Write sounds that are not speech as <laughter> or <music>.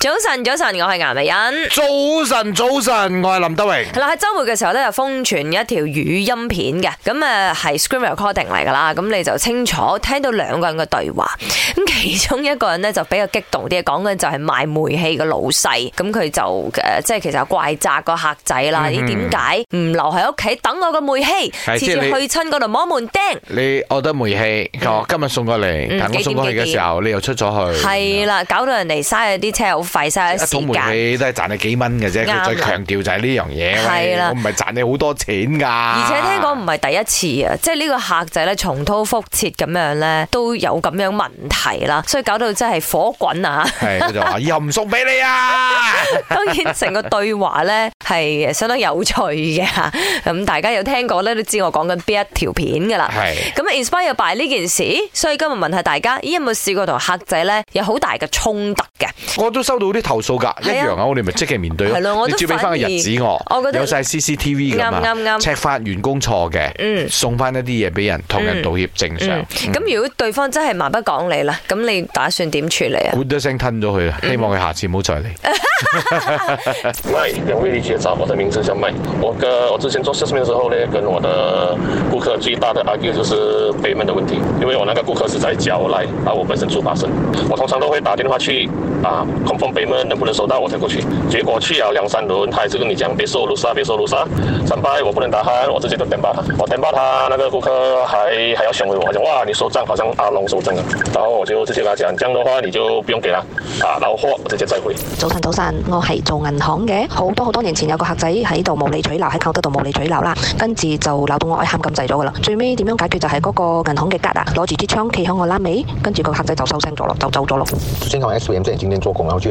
早晨，早晨，我係顏麗欣。早晨，早晨，我係林德榮。係啦，喺周末嘅時候咧，就瘋傳一條語音片嘅，咁誒係 screen recording 嚟噶啦，咁你就清楚聽到兩個人嘅對話，咁其中一個人咧就比較激動啲，講緊就係賣煤氣嘅老細，咁佢就誒即係其實怪責個客仔啦，你點解唔留喺屋企等我個煤氣，嗯、哼次次去親嗰度摸門釘。你，我得煤氣，我今日送過嚟，嗯、等我送過嚟嘅時候，幾點幾點你又出咗去，係啦，搞到人哋嘥咗啲車。費都係賺你幾蚊嘅啫，佢再強調就係呢樣嘢。係啦的，我唔係賺你好多錢噶。而且聽講唔係第一次啊，即係呢個客仔咧重蹈覆轍，咁樣咧都有咁樣的問題啦，所以搞到真係火滾啊！係佢就話又唔送俾你啊！ <laughs> 當然成個對話咧係相當有趣嘅，咁大家有聽過咧都知道我講緊邊一條片噶啦。係咁 inspire by 呢件事，所以今日問下大家，咦有冇試過同客仔咧有好大嘅衝突嘅？我都到啲投訴噶，啊、一樣啊！我哋咪積極面對咯，對我你照俾翻個日子我覺得，有晒 CCTV 咁啊，赤、嗯嗯嗯、返員工錯嘅，嗯、送翻一啲嘢俾人，同人道歉正常。咁、嗯嗯嗯、如果對方真係蠻不講理啦，咁你打算點處理啊 g o 聲吞咗佢啦，希望佢下次唔、嗯、 <laughs> 好再嚟。者，我的名字叫麥。我個我之前做 sales 嘅時候咧，跟我的顧客最大的 argue 就是 payment 的問題，因為我那個顧客是在交來，而我本身做發生，我通常都會打電話去啊北門能不能收到我，我再過去。結果去了兩三輪，他還是跟你講別收路莎，別收路莎。三拜我不能打哈，我直接就點爆他，我點爆他，那個顧客還還要詢問我，講哇，你收賬好像阿龍收賬啊。」然後我就直接同佢講，咁樣嘅話你就不用給了，啊，然後貨我直接再匯。早晨，早晨，我係做銀行嘅，好多好多年前有個客仔喺度無理取鬧，喺扣得度無理取鬧啦，跟住就鬧到我喊咁滯咗噶啦。最尾點樣解決就係嗰個銀行嘅格啊，攞住支槍企響我拉尾，跟住個客仔就收聲咗咯，就走咗咯。之前 SBM 今天做